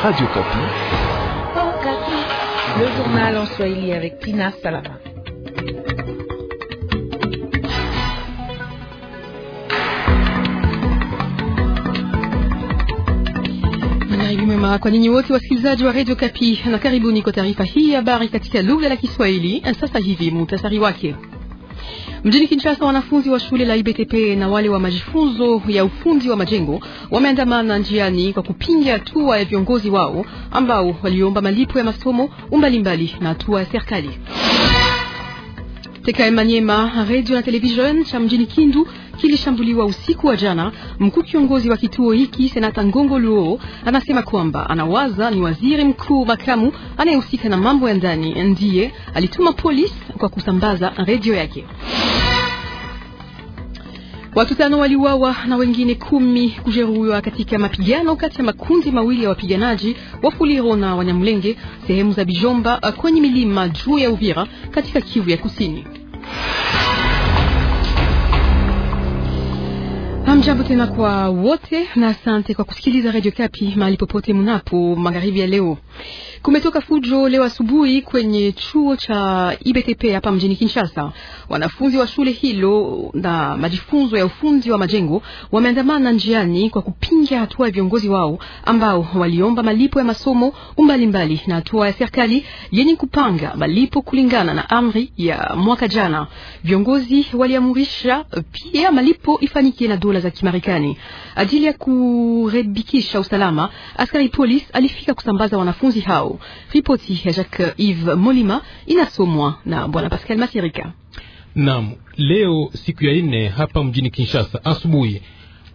Radio Kapi. Oh, Kapi. Le journal en Swahili avec Tina Salama. Habari mwema kwa ninyi wote wasikilizaji wa Radio Kapi na karibuni kwa taarifa hii ya habari katika lugha la Kiswahili. Sasa hivi muhtasari wake. Mjini Kinshasa, wanafunzi wa shule la IBTP na wale wa majifunzo ya ufundi wa majengo wameandamana njiani kwa kupinga hatua ya viongozi wao ambao waliomba malipo ya masomo umbalimbali na hatua ya serikali. TKM Maniema, radio na television cha mjini Kindu kilishambuliwa usiku wa jana. Mkuu kiongozi wa kituo hiki Senata Ngongo Luo anasema kwamba anawaza ni waziri mkuu makamu anayehusika na mambo ya ndani ndiye alituma polisi kwa kusambaza redio yake. Watu tano waliuawa na wengine kumi kujeruhiwa katika mapigano kati ya makundi mawili ya wapiganaji wa Fuliro na Wanyamulenge sehemu za Bijomba kwenye milima juu ya Uvira katika Kivu ya Kusini. Hamjambo tena kwa wote na asante kwa kusikiliza Radio Kapi mahali popote mnapo magharibi ya leo. Kumetoka fujo leo asubuhi kwenye chuo cha IBTP hapa mjini Kinshasa. Wanafunzi wa shule hilo na majifunzo ya ufundi wa majengo wameandamana njiani kwa kupinga hatua ya viongozi wao ambao waliomba malipo ya masomo mbalimbali na hatua ya serikali yenye kupanga malipo kulingana na amri ya mwaka jana. Viongozi waliamurisha pia malipo ifanyike na dola za Kimarekani ajili ya kurebikisha usalama. Askari polisi alifika kusambaza wanafunzi wanafunzi hao. Ripoti ya Jacques Yves Molima inasomwa na Bwana Pascal Masirika. Naam, leo siku ya nne hapa mjini Kinshasa asubuhi,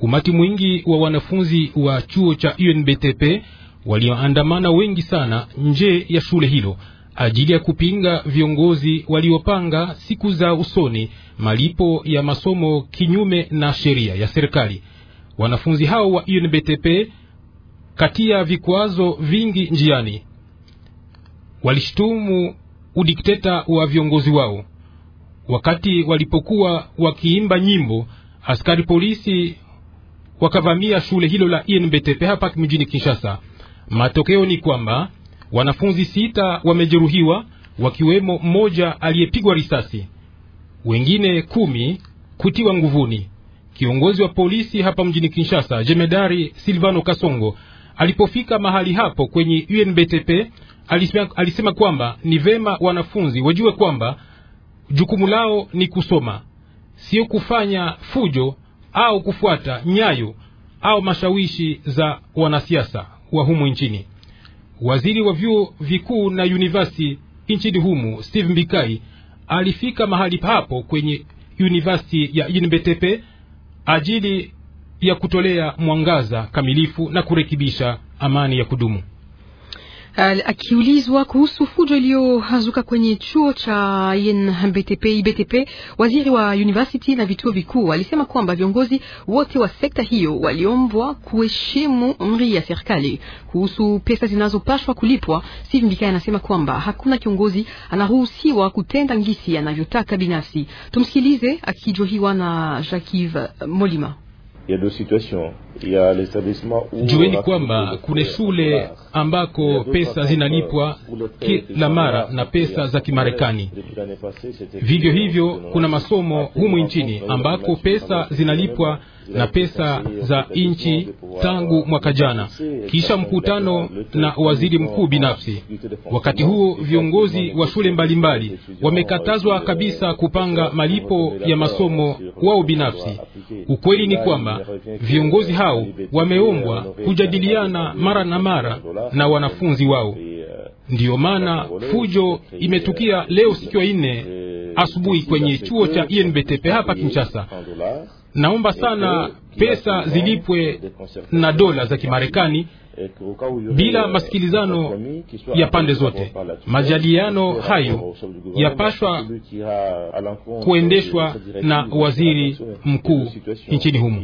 umati mwingi wa wanafunzi wa chuo cha UNBTP walioandamana wengi sana nje ya shule hilo ajili ya kupinga viongozi waliopanga siku za usoni malipo ya masomo kinyume na sheria ya serikali. Wanafunzi hao wa UNBTP kati ya vikwazo vingi njiani. Walishtumu udikteta wa viongozi wao. Wakati walipokuwa wakiimba nyimbo, askari polisi wakavamia shule hilo la INBTP hapa mjini Kinshasa. Matokeo ni kwamba wanafunzi sita wamejeruhiwa, wakiwemo mmoja aliyepigwa risasi, wengine kumi kutiwa nguvuni. Kiongozi wa polisi hapa mjini Kinshasa, Jemedari Silvano Kasongo Alipofika mahali hapo kwenye UNBTP alisema, alisema kwamba ni vema wanafunzi wajue kwamba jukumu lao ni kusoma, sio kufanya fujo au kufuata nyayo au mashawishi za wanasiasa wa humu nchini. Waziri wa vyuo vikuu na university nchini humu Steve Mbikai alifika mahali hapo kwenye university ya UNBTP ajili ya kutolea mwangaza kamilifu na kurekebisha amani ya kudumu. Akiulizwa kuhusu fujo iliyohazuka kwenye chuo cha INBTP IBTP, waziri wa university na vituo vikuu alisema kwamba viongozi wote wa sekta hiyo waliombwa kuheshimu amri ya serikali kuhusu pesa zinazopashwa kulipwa. Steve Mbika anasema kwamba hakuna kiongozi anaruhusiwa kutenda ngisi anavyotaka binafsi. Tumsikilize akijohiwa na Jacques Molima. Jueni kwamba kuna shule ambako pesa zinalipwa kila mara na pesa za Kimarekani. Vivyo hivyo, kuna masomo humu nchini ambako pesa zinalipwa na pesa za nchi tangu mwaka jana, kisha mkutano na waziri mkuu binafsi. Wakati huo viongozi wa shule mbalimbali wamekatazwa euh, kabisa kupanga malipo ya masomo wao binafsi. Ukweli ni kwamba viongozi hao wameombwa kujadiliana mara na mara na wanafunzi wao. Ndiyo maana fujo imetukia leo siku ya nne asubuhi kwenye chuo cha INBTP hapa Kinshasa. Naomba sana pesa zilipwe na dola za Kimarekani Eh, bila masikilizano ya pande zote. Majadiliano hayo yapashwa kuendeshwa na waziri mkuu nchini humo.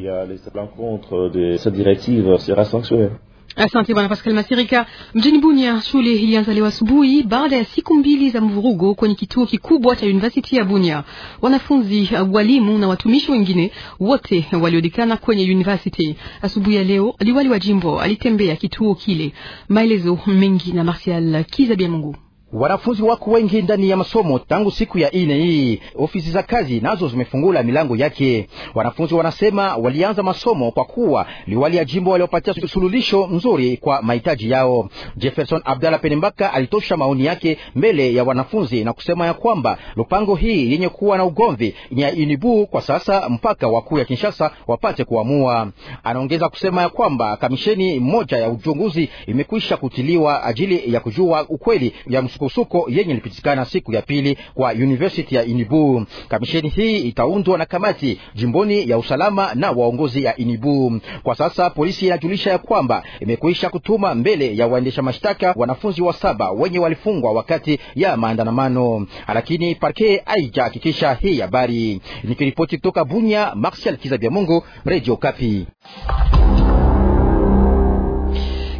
Asante bwana Pascal Masirika. Mjini Bunia, shule leo asubuhi baada ya siku mbili za mvurugo kwenye kituo kikubwa cha University ya Bunia. Wanafunzi, walimu na watumishi wengine wote waliodikana kwenye university. Asubuhi ya leo, liwali wa jimbo alitembea kituo kile. Maelezo mengi na Martial kizabia mungu Wanafunzi wako wengi ndani ya masomo tangu siku ya ine hii. Ofisi za kazi nazo zimefungula milango yake. Wanafunzi wanasema walianza masomo kwa kuwa liwali ya jimbo waliopatia sululisho nzuri kwa mahitaji yao. Jefferson Abdalla Penembaka alitosha maoni yake mbele ya wanafunzi na kusema ya kwamba lupango hii yenye kuwa na ugomvi ni ya inibu kwa sasa mpaka wakuu ya Kinshasa wapate kuamua. Anaongeza kusema ya kwamba kamisheni moja ya uchunguzi imekwisha kutiliwa ajili ya kujua ukweli ya misukosuko yenye ilipitikana siku ya pili kwa University ya Inibu. Kamisheni hii itaundwa na kamati jimboni ya usalama na waongozi ya Inibu. Kwa sasa polisi inajulisha ya kwamba imekwisha kutuma mbele ya waendesha mashtaka wanafunzi wa saba wenye walifungwa wakati ya maandamano, lakini parke haijahakikisha hii habari. Nikiripoti kutoka Bunya, Martial kizabya Mungu, Radio Kapi.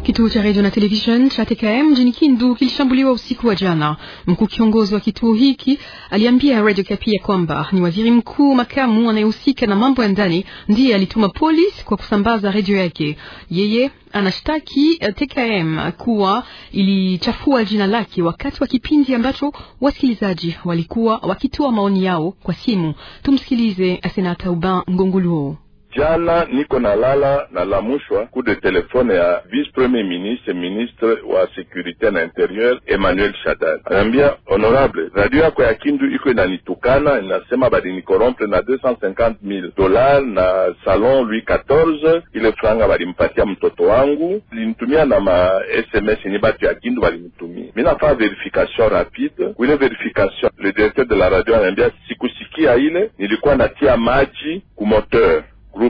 Kituo cha redio na televisheni cha TKM mjini Kindu kilishambuliwa usiku wa jana. Mkuu kiongozi wa kituo hiki aliambia Radio Kapia kwamba ni waziri mkuu makamu anayehusika na mambo ya ndani ndiye alituma polisi kwa kusambaza redio yake. Yeye anashtaki eh, TKM kuwa ilichafua jina lake wakati wa kipindi ambacho wasikilizaji walikuwa wakitoa maoni yao kwa simu. Tumsikilize Senata Uba Ngonguluo. Jana niko na lala na lamushwa ku de telefone ya vice premier ministre ministre wa securite na interieur Emmanuel Shadari, anambia honorable, radio yako ya Kindu iko inanitukana, inasema balinikorompe na 250 mil dolar na salon Louis 14. Ile franga balimpatia mtoto wangu, linitumia na ma sms ni batu ya Kindu balinitumia. Minafaa verification rapide, kuile verification le directeur de la radio anambia sikusikia ile, nilikuwa natia maji ku moteur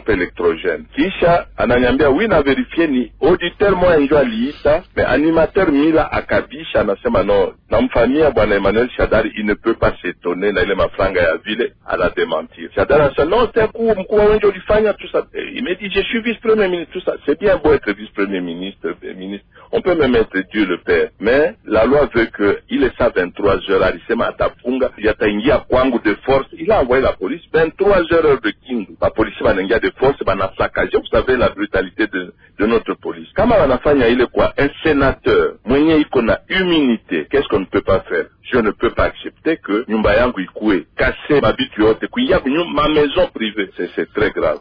hapa elektrogene. Kisha ananiambia wina verifier ni auditeur moya njo aliita me animateur mila akabisha, anasema no, namfanyia bwana Emmanuel Shadari, il ne peut pas s'etonner na ile mafranga ya vile anadementir. Shadari anasema no, teku mkuu wenje ulifanya tout ça. Il me dit je suis vice premier ministre, tout ça c'est bien beau être vice premier ministre, eh, ministre, on peut même être Dieu le père, mais la loi veut que il est ça 23 heures, alisema atafunga, yataingia kwangu de force. Il a envoyé la police 23 heures de king la police wanaingia de force banasakaje vous savez la brutalité de, de notre police kama wanafanya ile kwa un sénateur mwenye iko na humanité qu'est-ce qu'on ne peut pas faire je ne peux pas accepter que nyumba yangu ikue kase mabitu yote kuiya ma maison privée c'est très grave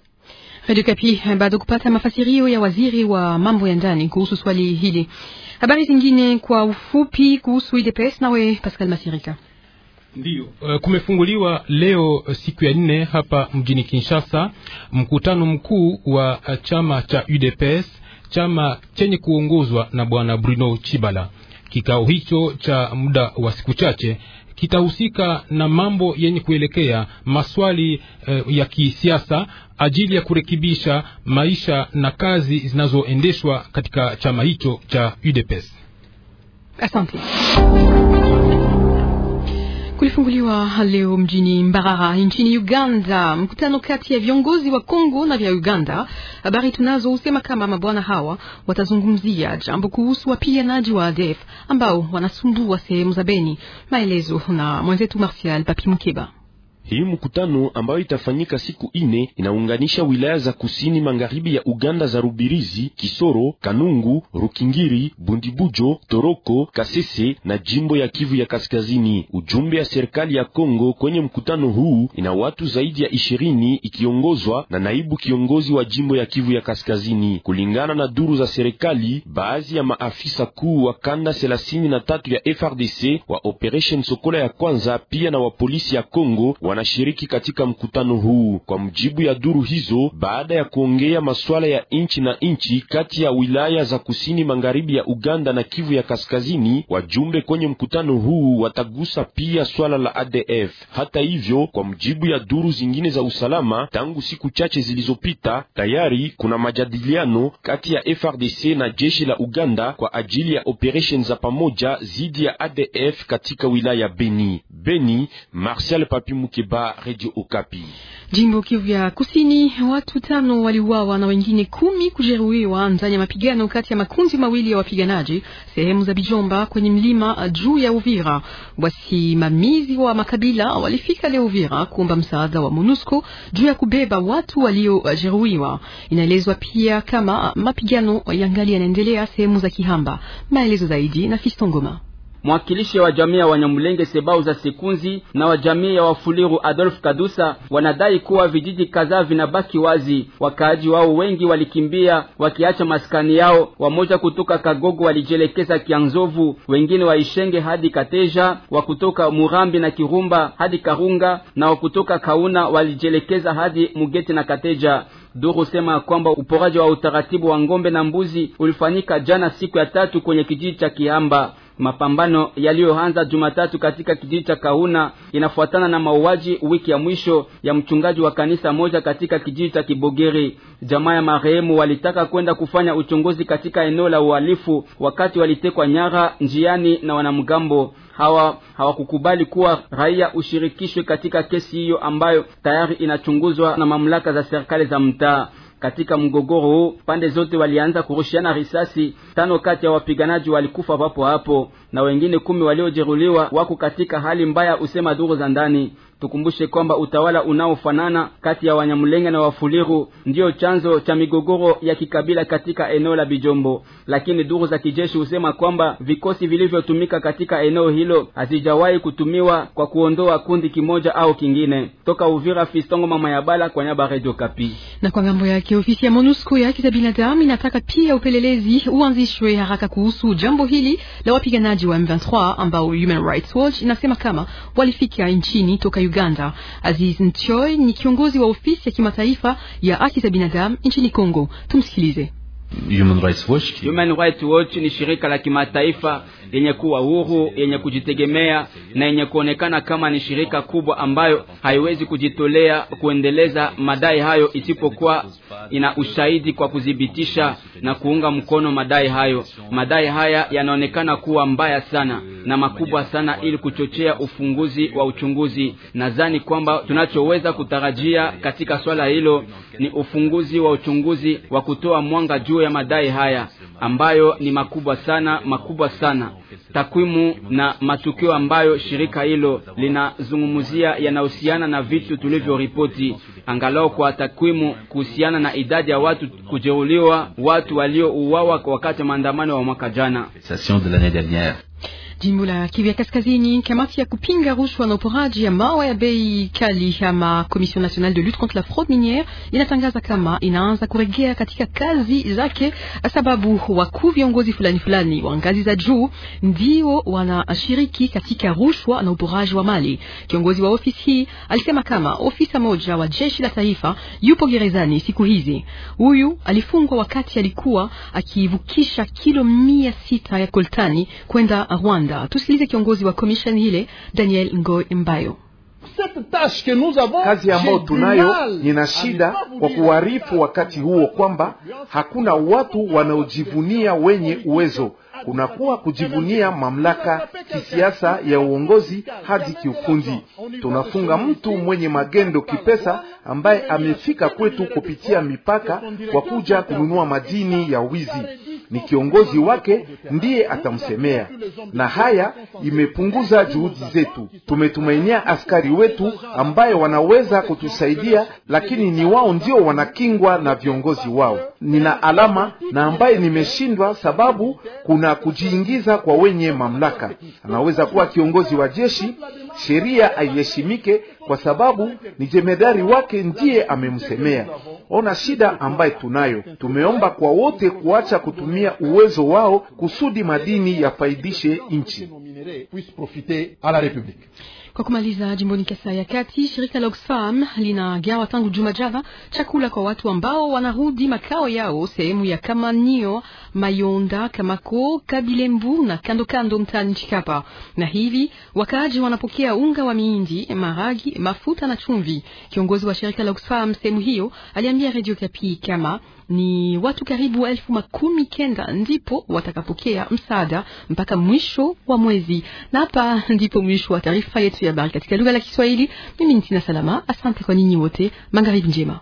Radio Kapi bado kupata mafasirio ya waziri wa mambo ya ndani kuhusu swali hili. Habari zingine kwa ufupi kuhusu UDPS, nawe Pascal Masirika. Ndiyo, uh, eh, kumefunguliwa leo eh, siku ya nne hapa mjini Kinshasa mkutano mkuu wa eh, chama cha UDPS, chama chenye kuongozwa na bwana Bruno Chibala. Kikao hicho cha muda wa siku chache kitahusika na mambo yenye kuelekea maswali eh, ya kisiasa ajili ya kurekebisha maisha na kazi zinazoendeshwa katika chama hicho cha UDPS. Asante umefunguliwa leo mjini Mbarara nchini Uganda, mkutano kati ya viongozi wa Kongo na vya Uganda. Habari tunazo husema kama mabwana hawa watazungumzia jambo kuhusu wapiganaji wa ADF ambao wanasumbua sehemu za Beni. Maelezo na mwenzetu Martial Papi Mkeba. Hii mkutano ambayo itafanyika siku ine inaunganisha wilaya za kusini magharibi ya Uganda za Rubirizi, Kisoro, Kanungu, Rukingiri, Bundibujo, Toroko, Kasese na jimbo ya Kivu ya Kaskazini. Ujumbe ya serikali ya Kongo kwenye mkutano huu ina watu zaidi ya ishirini ikiongozwa na naibu kiongozi wa jimbo ya Kivu ya Kaskazini. Kulingana na duru za serikali, baadhi ya maafisa kuu wa kanda thelathini na tatu ya FRDC wa Operation Sokola ya kwanza pia na wa polisi ya Kongo wanashiriki katika mkutano huu. Kwa mjibu ya duru hizo, baada ya kuongea masuala ya nchi na nchi kati ya wilaya za kusini magharibi ya Uganda na Kivu ya kaskazini, wajumbe kwenye mkutano huu watagusa pia swala la ADF. Hata hivyo, kwa mjibu ya duru zingine za usalama, tangu siku chache zilizopita tayari kuna majadiliano kati ya FRDC na jeshi la Uganda kwa ajili ya operation za pamoja zidi ya ADF katika wilaya Beni. Beni, Martial Papi Beba, Radio Okapi. Jimbo Kivu ya Kusini, watu tano waliuawa na wengine kumi kujeruhiwa ndani ya mapigano kati ya makundi mawili ya wapiganaji sehemu za Bijomba kwenye mlima juu ya Uvira. Wasimamizi wa makabila walifika leo Uvira kuomba msaada wa MONUSCO juu ya kubeba watu waliojeruhiwa. Inaelezwa pia kama mapigano yangali yanaendelea sehemu za Kihamba. Maelezo zaidi na Fistongoma. Mwakilishi wa jamii ya Wanyamulenge Sebau za Sekunzi na wa jamii ya Wafuliru Adolf Kadusa wanadai kuwa vijiji kadhaa vinabaki wazi. Wakaaji wao wengi walikimbia wakiacha maskani yao, wamoja kutoka Kagogo walijielekeza Kianzovu, wengine wa Ishenge hadi Kateja, wa kutoka Murambi na Kirumba hadi Karunga na wa kutoka Kauna walijielekeza hadi Mugeti na Kateja. Duru sema kwamba uporaji wa utaratibu wa ngombe na mbuzi ulifanyika jana siku ya tatu kwenye kijiji cha Kihamba. Mapambano yaliyoanza Jumatatu katika kijiji cha kauna inafuatana na mauaji wiki ya mwisho ya mchungaji wa kanisa moja katika kijiji cha Kibogeri. Jamaa ya marehemu walitaka kwenda kufanya uchunguzi katika eneo la uhalifu wakati walitekwa nyara njiani na wanamgambo hawa. Hawakukubali kuwa raia ushirikishwe katika kesi hiyo ambayo tayari inachunguzwa na mamlaka za serikali za mtaa. Katika mgogoro huu pande zote walianza kurushiana risasi. Tano kati ya wapiganaji walikufa papo hapo na wengine kumi waliojeruhiwa wako katika hali mbaya, usema duru za ndani. Tukumbushe kwamba utawala unaofanana kati ya Wanyamulenge na Wafuliru ndiyo chanzo cha migogoro ya kikabila katika eneo la Bijombo, lakini duru za kijeshi husema kwamba vikosi vilivyotumika katika eneo hilo hazijawahi kutumiwa kwa kuondoa kundi kimoja au kingine. Toka Uvira, Fistongo mama ya Bala kwa nyaba Radio Kapi. Na kwa ngambo yake ofisi ya MONUSCO ya haki za binadamu inataka pia upelelezi uanzishwe haraka kuhusu jambo hili la wapiganaji wa M23 ambao Human Rights Watch inasema kama walifika nchini toka Uganda. Aziz Nchoi ni kiongozi wa ofisi ya kimataifa ya haki za binadamu nchini Kongo. Tumsikilize. Human Rights Watch. Human Rights Watch ni shirika la kimataifa yenye kuwa huru, yenye kujitegemea na yenye kuonekana kama ni shirika kubwa ambayo haiwezi kujitolea kuendeleza madai hayo isipokuwa ina ushahidi kwa kudhibitisha na kuunga mkono madai hayo. Madai haya yanaonekana kuwa mbaya sana na makubwa sana, ili kuchochea ufunguzi wa uchunguzi. Nadhani kwamba tunachoweza kutarajia katika swala hilo ni ufunguzi wa uchunguzi wa kutoa mwanga juu ya madai haya ambayo ni makubwa sana, makubwa sana. Takwimu na matukio ambayo shirika hilo linazungumzia yanahusiana na vitu tulivyoripoti, angalau kwa takwimu kuhusiana na idadi ya watu kujeuliwa, watu waliouawa wakati wa maandamano wa mwaka jana. Jimbo la Kivu ya Kaskazini, kamati ya kupinga rushwa na uporaji ya mawe ya bei kali ama Commission Nationale de Lutte contre la Fraude Miniere inatangaza kama inaanza kuregea katika kazi zake, sababu wakuu viongozi fulani fulani wa ngazi za juu ndio wanashiriki katika rushwa na uporaji wa mali. Kiongozi wa ofisi hii alisema kama ofisa moja wa jeshi la taifa yupo gerezani siku hizi. Huyu alifungwa wakati alikuwa akivukisha kilo mia sita ya koltani kwenda Rwanda. Rwanda. Tusikilize kiongozi wa commission hile Daniel Ngoi Mbayo. Kazi ambayo tunayo na shida kwa kuwarifu wakati huo kwamba hakuna watu wanaojivunia wenye uwezo kunakuwa kujivunia mamlaka kisiasa ya uongozi hadi kiufundi. Tunafunga mtu mwenye magendo kipesa ambaye amefika kwetu kupitia mipaka kwa kuja kununua madini ya wizi ni kiongozi wake ndiye atamsemea, na haya imepunguza juhudi zetu. Tumetumainia askari wetu ambaye wanaweza kutusaidia, lakini ni wao ndio wanakingwa na viongozi wao. Nina alama na ambaye nimeshindwa, sababu kuna kujiingiza kwa wenye mamlaka. Anaweza kuwa kiongozi wa jeshi, sheria aiheshimike kwa sababu ni jemedari wake ndiye amemsemea. Ona shida ambaye tunayo. Tumeomba kwa wote kuacha kutumia uwezo wao kusudi madini yafaidishe nchi. Kwa kumaliza, jimboni Kasai ya Kati, shirika la Oxfam linagawa tangu juma java chakula kwa watu ambao wanarudi makao yao sehemu ya Kamanio, Mayonda, Kamako, Kabilembu na kando kando mtaani Chikapa, na hivi wakaaji wanapokea unga wa miindi, maragi, mafuta na chumvi. Kiongozi wa shirika la Oxfam sehemu hiyo aliambia Radio Kapi kama ni watu karibu elfu makumi kenda ndipo watakapokea msaada mpaka mwisho wa mwezi. Na hapa ndipo mwisho wa taarifa yetu ya habari katika lugha la Kiswahili. Mimi ni Tina Salama, asante kwa ninyi wote, magharibi njema.